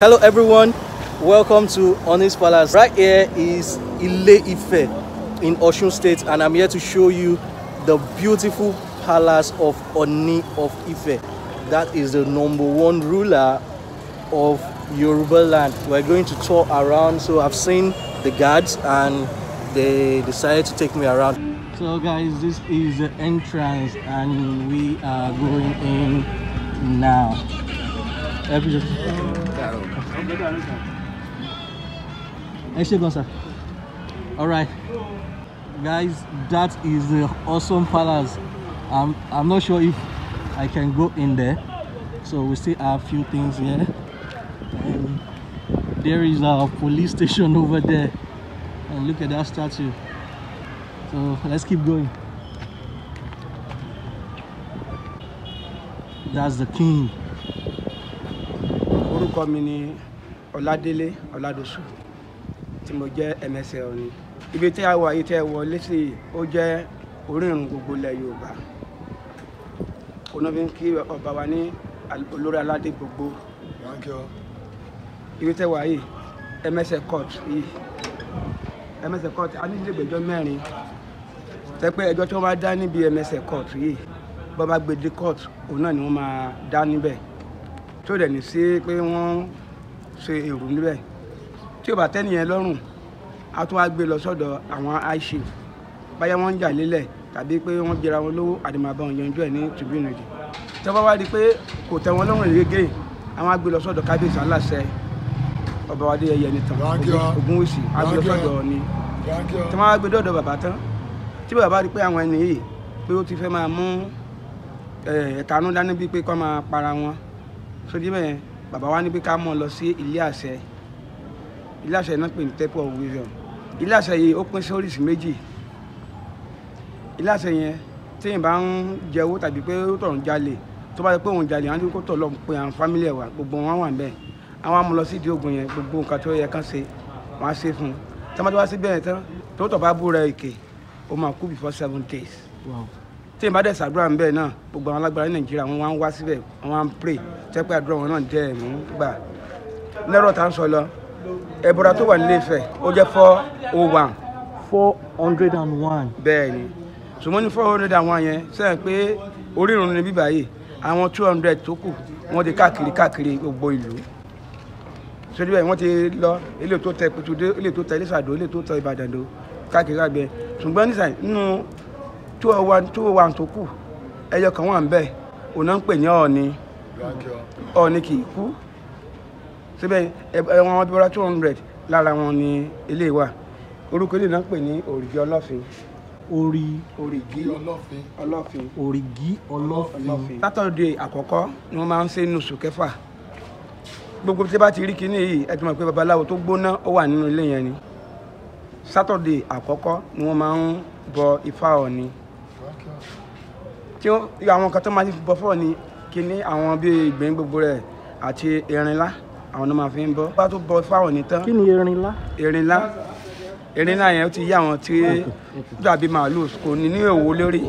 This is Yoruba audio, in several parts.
Hello everyone, welcome to Honest Palace. Right here is Ile Ife in Osun State and I'm here to show you the beautiful palace of Oni of Ife. That is the number one ruler of Yoruba land. We're going to tour around so I've seen the guards and they decided to take me around. So guys, this is the entrance and we are going in now. Everything go sir. Alright. Guys, that is the awesome palace. I'm, I'm not sure if I can go in there. So we still have a few things here. And there is a police station over there. And look at that statue. So let's keep going. That's the king. Ọládélé Ọládosù tí mo jẹ́ ẹmẹsẹ̀ Ọ̀ọ̀ni ibi tí a wà yìí tẹ́ wọlé sí ó jẹ́ orírun gbogbo ilẹ̀ Yorùbá onáfin kí ọba wa ní olórí aládé gbogbo ibi tẹ́ wà yìí ẹmẹsẹ̀ court yìí ẹmẹsẹ̀ court a ní ilé ìgbẹ́jọ́ mẹ́rin tẹ́ pé ẹjọ́ tí wọ́n bá dá níbi ẹmẹsẹ̀ court yìí bọ́ bá gbé dé court òun náà ni wọ́n máa dá níbẹ̀ tó dẹ̀ ní sí pé wọ́n ṣe èrú níbẹ̀ tí ò bá tẹ́nì yẹn lọ́rùn a tún wá gbé lọ sọ́dọ̀ àwọn aishif báyà wọ́n ń jà lélẹ̀ tàbí pé wọ́n jẹra wọn lówó àdèmàbà wọn yanjú ẹ̀ ní tribune yìí tí wọ́n bá rí pé kò tẹ́ wọn lọ́rùn gẹ́gẹ́ àwọn agbé lọ sọ́dọ̀ kábíyèsí aláṣẹ ọba wa Adéyẹyẹ Ẹnìtàn Ògúnwùsì agbé lọ sọ́dọ̀ ni tí wọ́n wá gbé dọ́dọ̀ bàbá tán tí bàbá rí pé àwọn ẹni yìí pé ó ti fẹ́ máa mú ẹ̀ẹ̀kanú eh, dání bíi pé kó máa para wọn sódì bẹ́ẹ̀ bàbá wa ní pé ká mọ̀ lọ sí ilé àṣẹ ilé àṣẹ náà pè ní temple of wisdom ilé àṣẹ yìí ó pín sí oríṣi méjì ilé àṣẹ yẹn téèyàn bá ń jẹ owó tàbí pé ó tọ̀run jalè tó bá yẹ pé òun jalè wọn á ní kó tọ̀ lọ́ọ̀ pé àwọn fámílì ẹ̀ wà gbogbo wọn wà bẹ́ẹ̀ àwọn amúlọ sí ìdí ogun yẹn gbogbo nǹkan tó yẹ kán ṣe wọn á ṣe fún un tí wọn bá ti wá sí bẹ́ẹ̀ tán tó tọ̀ bá búra èké ó máa kú before seven days. Wow tí èèyàn bá dẹ̀ sàdúrà ń bẹ̀ náà gbogbo àwọn alágbára ní nàìjíríà wọn wá ń wá síbẹ̀ wọn wá ń pray tẹ́ pé àdúrà wọn náà jẹ́ ẹ̀mú gbà lẹ́rọ̀ tá à ń sọ lọ ẹ̀bùrà tó wà nílé Ifẹ̀ ó jẹ́ four oh one. four hundred and one. bẹ́ẹ̀ ni sùmọ́ ní four hundred and one yẹn sẹ́yìn pé orírun ni bíbá yìí àwọn two hundred tó kù wọ́n ti káàkiri káàkiri gbogbo ìlú sórí bẹ́ẹ̀ wọ́n ti lọ ilé tó tẹ Pẹ̀tùdé ilé tó tẹ Ilé-Ìṣàdó ilé tó tẹ Ìbàdàn dó káàkiri àgbẹ̀ ṣùgbọ́n nísàn nínú two oh one two oh one tó kù ẹyọ kan wà ń bẹ òun náà ń pè ní ọ̀ọ́ni ọ̀ọ́ni kì í kú síbẹ̀ ẹ̀wọ̀n abibọ́lá two hundred lára wọn ni ilé wa orúkọ ilé náà ń pè ní òrìgì ọlọ́fin orí òrìgì ọlọ́fin ọlọ́fin òrìgì ọlọ́fin sátọ̀dé àkọ́kọ́ ni wọ́n máa ń ṣe nùsù kẹfà gbogbo tí bá ti rí kinní yìí ẹ ti mọ̀ pé babaláwo tó gbóná ó wà nínú ilé yẹn ni sátọ̀dé àkọ́kọ́ ni wọ́n máa ń bọ ifá ọ̀ni tí àwọn nǹkan tó máa fi bọ́ fọ̀ ni kíní àwọn bíi ìgbín gbogbo rẹ̀ àti erinlá àwọn náà máa fi ń bọ́ bá tó bọ́ fáwọn ní tán. kí ni erinlá. erinlá erinlá yẹn ó ti yá àwọn tí dàbí màálù kò ní ní èwo lórí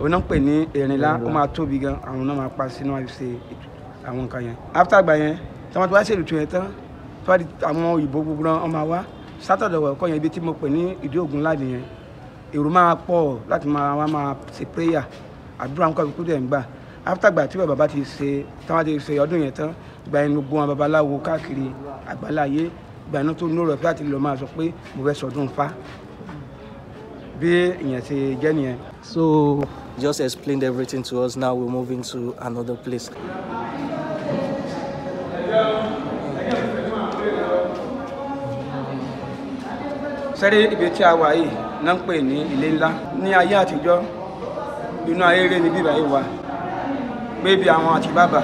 òun náà pè ní erinlá ó máa tóbi gan àwọn náà máa pa sínú àìsè àwọn nǹkan yẹn after àgbà yẹn tí wọ́n ti wá ṣèlùtù yẹn tán fáwọn òyìnbó gbogbo náà wọ́n máa wá sátọ̀dọ̀ wọ̀ ọ̀kọ́ yẹn ibi tí mo pè ní ìdí ògùn láàbì yẹn èrò máa pọ̀ láti máa wá máa ṣe prayer àdúrà ń kọ́ dẹ̀ ń gbà after gbà tí bàbá ti ṣe táwọn ti ṣe ọdún yẹn tán gba ẹnu gbọ́n babaláwo káàkiri àgbáláyé gba iná tó nóró ẹ̀fẹ́ àti lọ máa sọ pé mo fẹ́ sọdún fa bí ìyẹn ṣe jẹ́ nìyẹn. so just explained everything to us now we're moving to another place. sẹ́rí ibi tí a wà yìí náà ń pè ní ilé ńlá ní ayé àtijọ́ inú ayéré ni bíbá yìí wà pé bí àwọn àti bàbà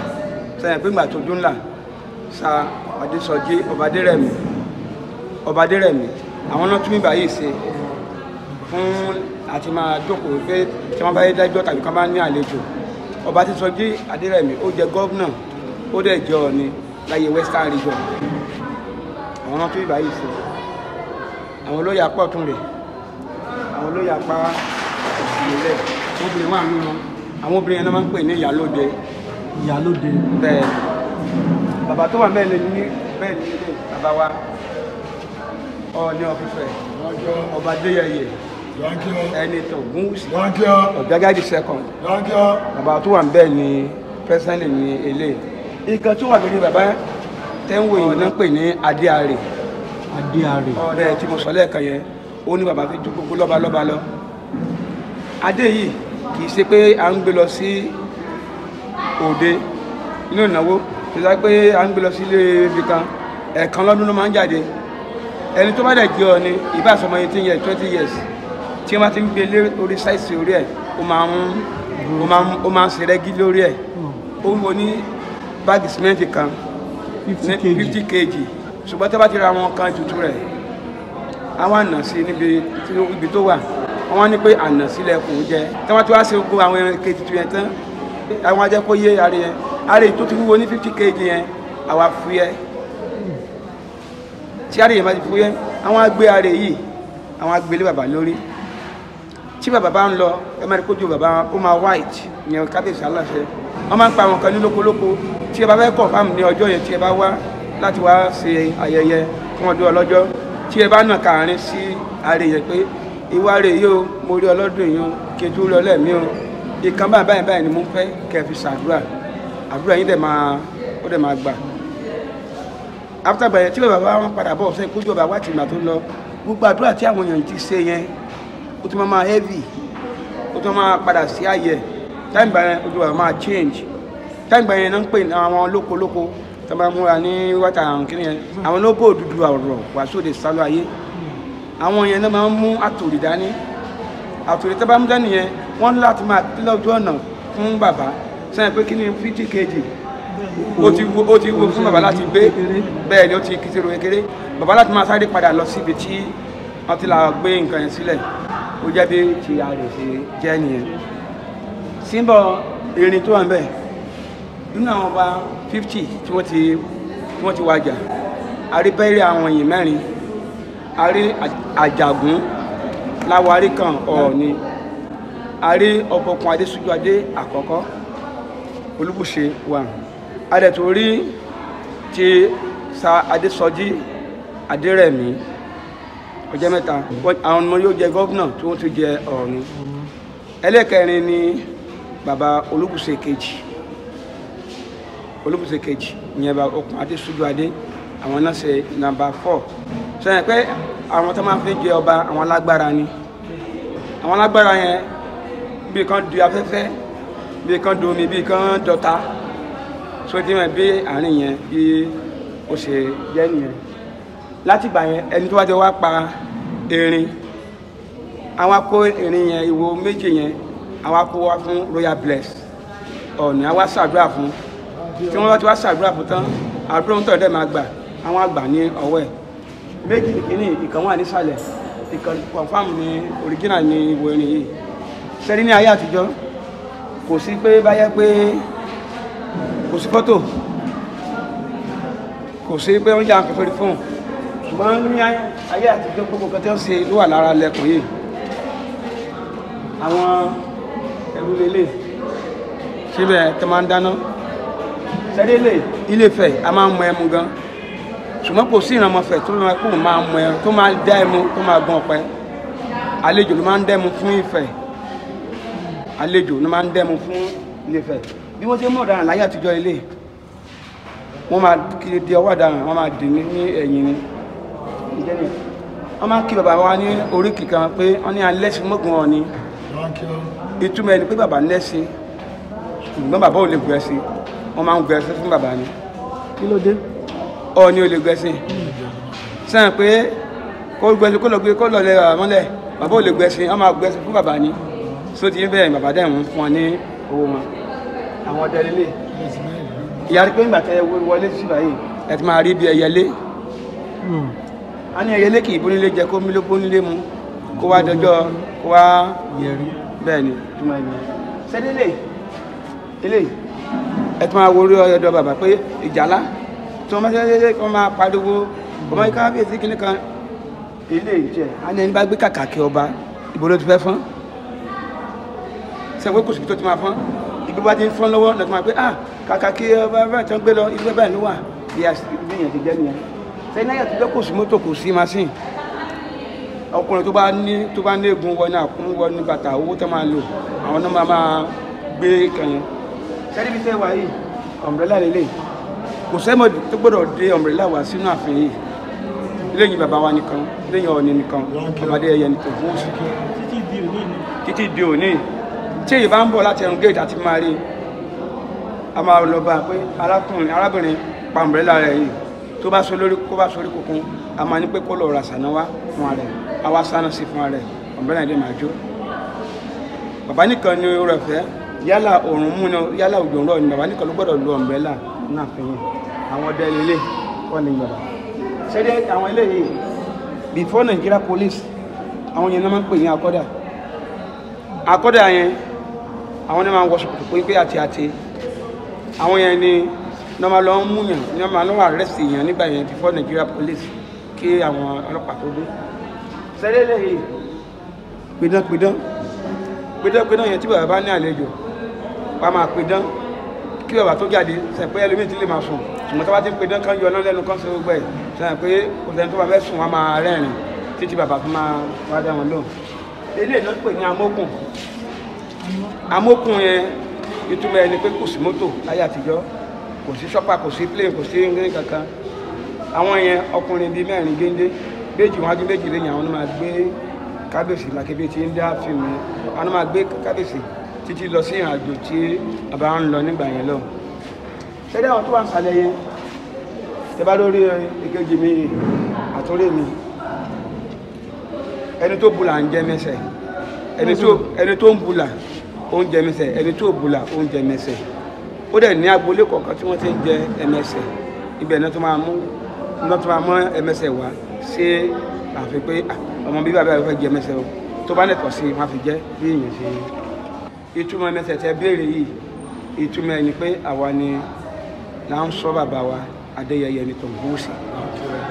sẹ́yìn pé ìgbà tó dún là sa Adésọjí Ọbadérẹ̀mí Ọbadérẹ̀mí àwọn náà tún bíbá yìí ṣe fún àti máa jókòó pé tí wọ́n bá yé dájọ́ tàbí kí wọ́n bá ní àlejò ọba Adésọjí Adérẹ̀mí ó jẹ gọ́vnà ó dẹ̀ jẹ Ọ̀ọ̀ni láyé western region àwọn náà tún bíbá yìí ṣe àwọn olóyè apọ̀ tún rèé àwọn olóyè apára ìsìnlẹ̀ obìnrin wà nínú àwọn obìnrin ẹni máa ń pè ní ìyálóde ìyálóde bẹ́ẹ̀ bàbá tó wà bẹ́ẹ̀ ní bẹ́ẹ̀ ní ilé bàbá wa ọ̀ọ́ni ọ̀fífẹ́ ọba adéyẹyẹ ẹni tó gúnwùsì ọ̀gágá di second bàbá tó wà bẹ́ẹ̀ ní pẹ́sẹ́ńlì ní ilé nǹkan tó wà lórí bàbá tẹ́wọ̀n yìí náà pè ní adéarè adéarè ọ̀rẹ́ tí mo sọ lẹ́ẹ̀kan yẹn ó ní bàbá fi ju gbogbo lọ́balọ́ba lọ adé yìí kì í ṣe pé à ń gbé lọ sí òde inú ìnáwó kì í ṣe pé à ń gbé lọ sí ilé ibi kan ẹ̀ẹ̀kan lọ́dún ló máa ń jáde ẹni tó bá dẹ̀ jẹ́ ọ ni ìbá àsọmọ yìí ti yẹ twenty years tí wọ́n bá ti ń gbé lé orí sáìsì orí ẹ̀ ó máa ń ó máa ń ṣe rẹ́gí lórí ẹ̀ ó ń wo ní báàgì sìmẹ́ǹtì kan fifty kg ṣùgbọ́n tó bá ti ra àwọn kan tuntun rẹ̀ àwọn ànàsí níbi ibi tó wà wọ́n ní pé ànàsí lẹ́kùn jẹ tí wọ́n ti wá ṣe gbogbo àwọn ẹran kejì tó yẹn tán àwọn ajẹ́ kó yé ara yẹn ara yìí tó ti wúwo ní fifty kg yẹn àwa fúyẹ́ tí ara yẹn bá ti fúyẹ́ àwọn agbé ara yìí àwọn agbélé bàbá lórí tí bàbá bá ń lọ ẹ máa rí kójú bàbá ó máa white ìyẹn kábíyèsí aláṣẹ wọ́n máa ń pa àwọn kan ní lókolóko tí ẹ bá fẹ́ kọ̀ fáàmù ní ọjọ́ yẹn tí ẹ bá wá láti wá ṣe ayẹyẹ fún ọdún ọlọ́jọ́ tí ẹ bá nà kàárín sí ààrẹ pé ìwárè yìí o mo rí ọlọ́dún yìí o kejì rí ọlẹ́mí o ìkan báyìí báyìí báyìí ni mo fẹ́ kẹ́ fi ṣàdúrà àdúrà yín dẹ̀ máa ó dẹ̀ máa gbà after bẹ̀rẹ̀ tí bàbá wọn padà bọ̀ sẹ́yìn kójú ọba wá tìgbà tó lọ gbogbo àdúrà tí àwọn èèyàn ti ṣe yẹn ó tún máa heavy ó tún máa padà sí àyẹ̀ táìmù bá yẹn ojú ọba máa change táìmù bá yẹn náà ń pè àwọn lókolóko tó bá múra ní wáta àrùn kìíní yẹn àwọn ló bò dúdú àrọ̀ wàásù lè sálọ ayé àwọn yẹn ló máa ń mú àtòrí dání àtòrí tó bá mú dání yẹn wọ́n ní láti máa pín lọ́jọ́ ọ̀nà fún bàbá sẹ́yìn pé kíní fíjì kejì ó ti wo ó ti wo fún bàbá láti gbé bẹ́ẹ̀ ni ó ti kìtìrò kékeré bàbá láti máa sáré padà lọ síbi tí wọ́n ti là gbé nǹkan yẹn sílẹ̀ ó jẹ́ bí ti àrò ṣe nìyẹn síbọ̀ irin tó wà ń bẹ́ẹ̀ nínú àwọn ọba fifty tí wọ́n ti tí wọ́n ti wájà àrí bẹ́ẹ̀rẹ̀ àwọn èèyàn mẹ́rin àrí àjàgún láwarí kan ọ̀ọ́ni àrí ọ̀pọ̀kun adésúnjú adé àkọ́kọ́ olúbùṣe wà adẹ̀tòrí ti sa adésọjí adérẹ̀mí ọjọ́ mẹ́ta àwọn ọmọ yóò jẹ gọ́vnà tí wọ́n ti jẹ ọ̀ọ́ni ẹlẹ́kẹrin ni bàbá olúbùṣe kejì olùpèsè kejì ìyẹn bá okùn adé sójú adé àwọn náà ṣe nàmbà four sẹ́yìn pé àwọn tó máa fi jẹ ọba àwọn alágbára ni àwọn alágbára yẹn bí kan du afẹ́fẹ́ bí kan du omi bí kan dọ̀ta sódì mọ̀ bí àárín yẹn bí ó ṣe jẹ́ nìyẹn láti gbà yẹn ẹni tó wá jẹ wá pa erin àwọn akó erin yẹn ìwo méje yẹn àwọn akó wá fún royal bless ọ̀nì àwa ṣàdúrà fún tí wọ́n bá ti wá ṣàdúrà fún tán àdúrà ń tọ̀ dẹ̀ máa gbà àwọn àgbà ní ọwọ́ ẹ̀ méjì kìíní ìkan wà nísàlẹ̀ ìkan confam ní original ní ìwò irin yìí sẹ́rí ní ayé àtijọ́ kò sí pé báyẹ́ pé kò sí fọ́tò kò sí pé wọ́n yà ń pẹ̀lú fóònù ṣùgbọ́n ní ayé àtijọ́ gbogbo kan tí wọ́n ṣe ló wà lára lẹ́kùn yìí àwọn ẹrú lélẹ̀ síbẹ̀ tó máa ń dáná Il est fait. sẹ́dẹ̀lẹ̀ Ilé-Ifẹ̀ a máa ń mọ ẹmu gan ṣùgbọ́n kò sí ìrànmọ́fẹ̀ tó máa kó máa mọ ẹmu tó máa dá ẹmu tó máa gbọ́n ọ̀pẹ àlejò ló máa ń il fún Ifẹ̀ àlejò ló máa ń dẹ́mu fún Ilé-Ifẹ̀ bí wọ́n ti mú ọ̀daràn láyé àtijọ́ ilé wọ́n máa kiri di ọwọ́ ọ̀daràn wọ́n máa dì ní ẹ̀yìn ni wọ́n máa kí bàbá wa ní oríkì kan pé wọ́n ní alẹ́sìn mọ́gùn ọ̀ ni ìtumọ̀ ẹni de bàbá ń lẹ́sìn ṣùgbọ́n bàbá ò lè gbẹ́sìn wọ́n máa ń gbẹ̀sẹ̀ fún bàbá ni kí ló dé ọ ni o lè gbẹ̀sìn sẹ́yìn pé kó gbẹ̀sìn kó lọ gbé kó lọ lẹ àmọ́lẹ̀ bàbá ò lè gbẹ̀sìn wọ́n máa gbẹ̀sìn fún bàbá ni so ti bẹ́ẹ̀ bàbá dẹ̀ ń fún ọ ní owó wọn. àwọn ọdẹ lélẹ̀ ìyá rí pé nígbà tẹ wọlé sí báyìí ẹ ti máa rí bí ẹyẹlé hmm. a ní ẹyẹlé kì í bónílé jẹ kó míló bónílé mu kó wá dọjọ́ kó wá yẹrí bẹ́ẹ̀ ni túmọ̀ ẹ̀yìn sẹ́dílé eléyìí ẹ ti máa wo orí ọ̀dọ̀ bàbá pé ìjàlá tí wọ́n máa ṣe kí wọ́n máa pariwo ọmọ yìí kábíyèsí kìnnì kan ilé ìjẹ àni ẹni bá gbé kàkàkí ọba ìbò ló ti fẹ́ fọ́n sẹ́wọ́n kò tó ti máa fọ́n ìgbé bá ti ń fọ́n lọ́wọ́ lọ́tọ́ máa pé ah kàkàkí ọba bá ti ń gbé lọ ìgbé báyìí ló wà bí ìyẹn ti jẹ́ nìyẹn sẹ́yìn náà yàtọ̀ kò sí mọ́tò kò sí machine ọkùnrin tó bá ní tó bá ní egun wọ ní àkún wọ ní bàtà owó tó máa lò àwọn náà máa gbé kẹyìn sẹ́ríbi tẹ́ wá yìí ọ̀mbrẹ́là lélẹ̀ kò sẹ́mọ̀ tó gbọ́dọ̀ dé ọ̀mbrẹ́là wá sínú àfẹ́ yìí lẹ́yìn bàbá wa nìkan lẹ́yìn ọ̀ọ́ni nìkan ọ̀bàdé ẹ̀yẹ nìkan fún oṣù títí di òní tí èyí bá ń bọ̀ láti ẹnu gate àti máa rí a máa lọ bá a pé arákùnrin arábìnrin pa ọ̀mbrẹ́là rẹ̀ yìí tó bá so lórí kó bá sorí kókun a máa ní pé kó lọ ra sànà wá fún a wá sànà sí fún rẹ̀ ọ̀mbrẹ́là yìí dé máa jó bàbá nìkan yálà òòrùn mú ni yálà òjò ń rọ̀ ni bàbá nìkan ló gbọ́dọ̀ lo ọ̀mbrẹ́là náà fi yẹn àwọn ọdẹ ilé kọ́ ni bàbá ṣẹ́dẹ́ àwọn eléyìí before Nigeria police àwọn yẹn náà máa ń pè ní akọ́dà akọ́dà yẹn àwọn náà máa ń wọṣọ pé pé àti àti àwọn yẹn ni wọ́n lọ ń mú yàn wọ́n máa lọ arrest yàn nígbà yẹn before Nigeria police kí àwọn ọlọ́pàá tó dé ṣẹ́dẹ́ lẹ́yìn pidánpidán pidánpidán yẹn tí bàbá bá ní àlejò wàá máa pe dán kí bàbá tó jáde sẹ pé ẹlòmíì ti lè máa sùn ṣùgbọ́n tó bá ti pe dán kan yọ náà lẹ́nu kan ṣe gbogbo ẹ̀ sẹ pé kò sẹ́ni tó bá fẹ́ sùn wàá máa rẹ́rìn títí bàbá tó máa wá dá wọn lóhùn eléyìí náà pè ní amókùn amókùn yẹn ìtumọ̀ ẹni pé kò sí mọ́tò láyé àtijọ́ kò sí ṣọ́pà kò sí plane kò sí nǹkan kankan àwọn yẹn ọkùnrin bíi mẹ́rin géńdé méjì wọn á gbé méjì lẹ́yìn àwọn máa gbé kábíyèsí làkébí ti ń dá fíìmù yẹn àwọn máa gbé kábíyèsí títí lọ sí àjò tí a bá ń lọ nígbà yẹn lọ ṣẹ́dá àwọn tó wà ń sàlẹ̀ yẹn tẹ bá lórí ìkejì mi àtúrí mi ẹni tó bùlà ń jẹ mẹsẹ̀ ẹni tó ń bùlà ó ń jẹ mẹsẹ̀ ẹni tó bùlà ó ń jẹ mẹsẹ̀ ó dẹ̀ ní agboolé kọ̀ọ̀kan tí wọ́n ti ń jẹ ẹmẹsẹ̀ ibẹ̀ náà tó máa mú náà tó máa mọ́ ẹmẹsẹ̀ wá sí àfi pé ah, ọmọ bíbí àbí àbí fẹ́ jẹ ẹmẹsẹ̀ o tó bá nẹ̀tọ̀ sí wọn á fi jẹ́ bí èèyàn ṣe ìtumọ̀ mẹ́tẹ̀ẹ̀tẹ̀ béèrè yìí ìtumọ̀ ẹni pé àwa ni là ń sọ bàbá wa Adéyẹyẹ ní Tòǹgbòsì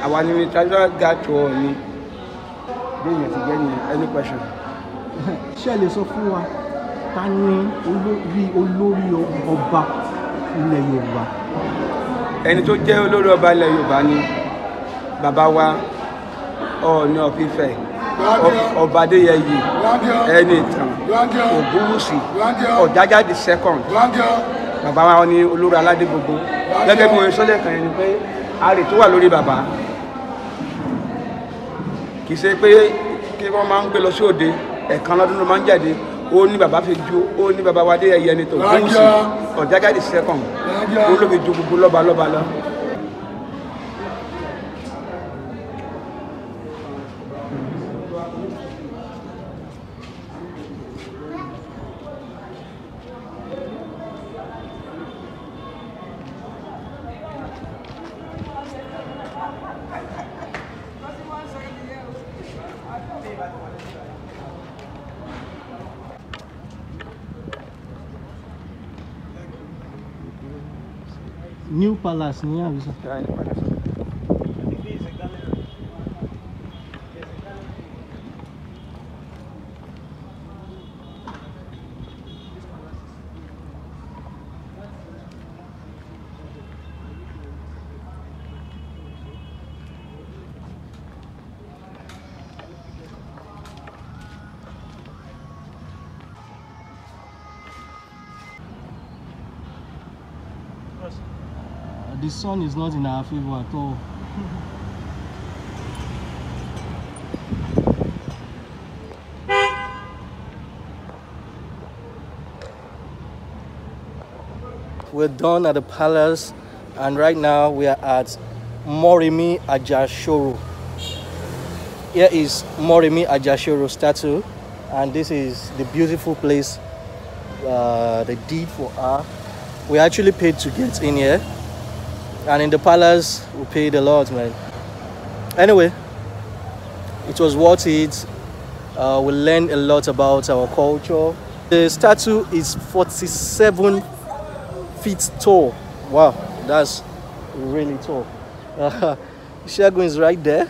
àwa ni mi tájọ́ ga tó ọ ni béèyàn ti jẹ́ nìyẹn any question. ṣé ẹ lè sọ fún wa ta ni olórí olórí ọba ilẹ̀ Yorùbá. ẹni tó jẹ́ olórí ọba ilẹ̀ Yorùbá ni bàbá wa Ọọ̀ni of Ifẹ̀. Ọbadéyẹyè Ẹnìtàn Ògúnwùsì Ọ̀jájá the second bàbá wa ní olórí aládé gbogbo gẹ́gẹ́ bí wọ́n sọ lẹ́ẹ̀kan yẹn ni pé àrè tó wà lórí bàbá kì í ṣe pé kí wọ́n máa ń gbé lọ sí òde ẹ̀kan lọ́dún ló máa ń jáde ó ní bàbá fi ju ó ní bàbá wa Adéyẹyè Ẹnìtàn Ògúnwùsì Ọ̀jájá the second ó ló fi ju gbogbo lọ́balọ́ba lọ. New Palace, niya. the sun is not in our favor at all. We're done at the palace and right now we are at Morimi Ajashoro. Here is Morimi Ajashoro statue and this is the beautiful place uh, they did for her. We actually paid to get in here and in the palace we paid a lot man anyway it was worth it uh, we learned a lot about our culture the statue is 47 feet tall wow that's really tall uh, Shagun is right there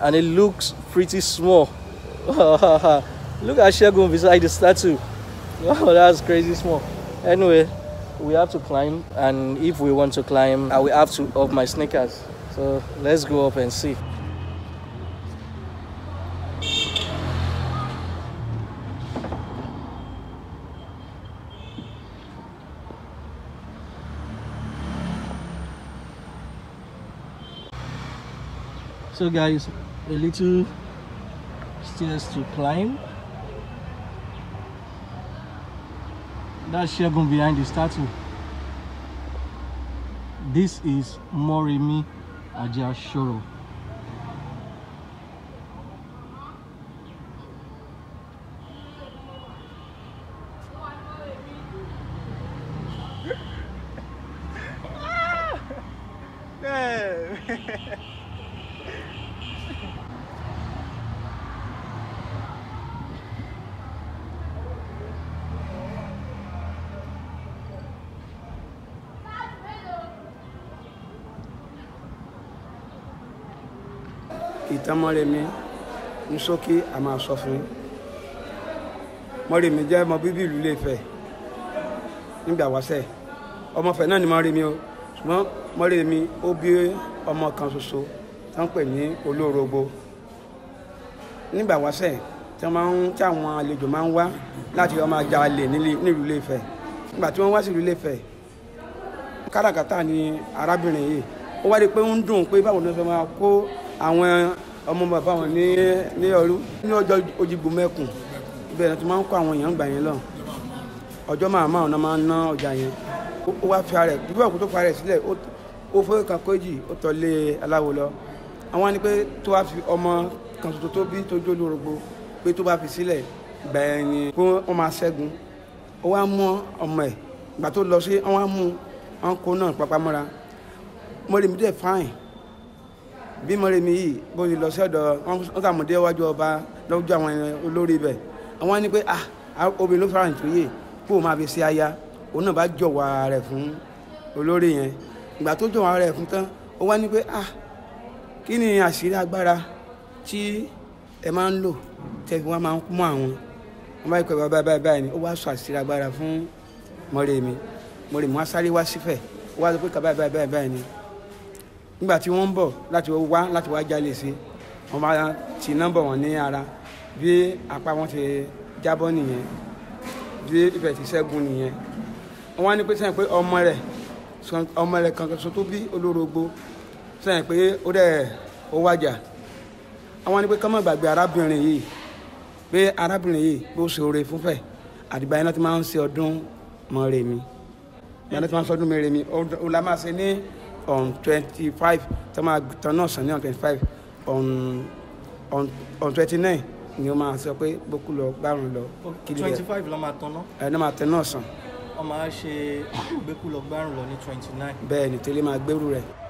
and it looks pretty small look at Shagun beside the statue wow that's crazy small anyway we have to climb, and if we want to climb, I will have to off my sneakers. So let's go up and see. So guys, a little stairs to climb That Shegun behind the statue. This is Morimi Ajashoro. ìtànmọ́rẹ́mi ní ṣókí a máa sọ fún yín mọ́rẹ́mi jẹ́ ọmọ bíbí ìlú Ilé-Ifẹ̀ nígbà wáṣẹ̀ ọmọ Ifẹ̀ náà ni mọ́rẹ́mi o ṣùgbọ́n mọ́rẹ́mi ó bí ọmọ kan ṣoṣo tó ń pè ní olórogbo nígbà wáṣẹ̀ tí àwọn àlejò máa ń wá láti ọmọ ajá alẹ̀ nílùú Ilé-Ifẹ̀ nígbà tí wọ́n wá sí ìlú Ilé-Ifẹ̀ káràkátà ni arábìnrin yìí ó wá rí i pé ń dùn pé báwo ni wọ́n fẹ́ máa kó àwọn ọmọ bàbá wọn ní ní ọrú ní ọjọ́ ojúbù mẹ́kùn ibẹ̀ ni tó máa ń kó àwọn èèyàn gbà yẹn lọ ọjọ́ màmá ọ̀nà máa ń ná ọjà yẹn ó wá fi ara ẹ̀ bíbẹ̀ kó tó fi ara ẹ̀ sílẹ̀ ó fẹ́ kan kéjì ó tọ́ lé aláwo lọ àwọn ni pé tó wá fi ọmọ kan tuntun tó bí tó jóló rogbo pé tó bá fi sílẹ̀ bẹ́ẹ̀ ni kó wọ́n máa ṣẹ́gun ó wá mú ọmọ ẹ̀ gbà tó lọ sí wọ́n á mú wọn náà papamọ́ra mo rí mi dẹ̀ fáìn bí mọ̀rẹ́mi yìí bó ti lọ sọ́dọ̀ wọn kà mọ̀ dé iwájú ọba lọ́jọ́ àwọn olórí ibẹ̀ àwọn ni pé ah obìnrin ló fara nítorí yìí kó o máa fi ṣe aya òun náà bá jọ̀wọ́ rẹ̀ fún olórí yẹn ìgbà tó jọ̀wọ́ rẹ̀ fún tán ó wá ní pé ah kí ni àṣírí agbára tí ẹ máa ń lò tẹ fi wá máa ń mú àwọn wọn bá yí pé báyìí báyìí ni ó wá sọ àṣírí agbára fún mọ̀rẹ́mi mọ̀rẹ́mi wá sáré wá sífẹ̀ ó wá sọ pé kàbá báyìí báyìí báyìí ni nígbà tí wọ́n ń bọ̀ láti wá láti wá jalè sí wọ́n máa ti nọ́mbà wọn ní ara bí apá wọn ti jábọ́ nìyẹn bí ibẹ̀ ti ṣẹ́gun nìyẹn wọ́n á ní pé sẹ́yìn pé ọmọ rẹ̀ ọmọ rẹ̀ kan tó bí olórogbo sẹ́yìn pé ó dẹ̀ ó wájà àwọn ni pé kọ́mọ̀ gbàgbé arábìnrin yìí pé arábìnrin yìí ló ṣe oore fúnfẹ́ àdìbà yẹn láti máa ń ṣe ọdún mọ́ rèmi yẹn láti máa ń ṣe ọdún mọ́ rèmi ó la máa ṣe ní on twenty five tó máa tán náà sàn ní on twenty five on on on twenty nine ni ó máa sọ pé bókú lọ gbárùn lọ. twenty five ló máa tán náà. ẹ ló máa tán náà sàn. ọmọ á ṣe gbẹ́kú lọ gbárùn lọ ní twenty nine. bẹ́ẹ̀ ni tẹ́lẹ̀ máa gbẹ́rù rẹ̀.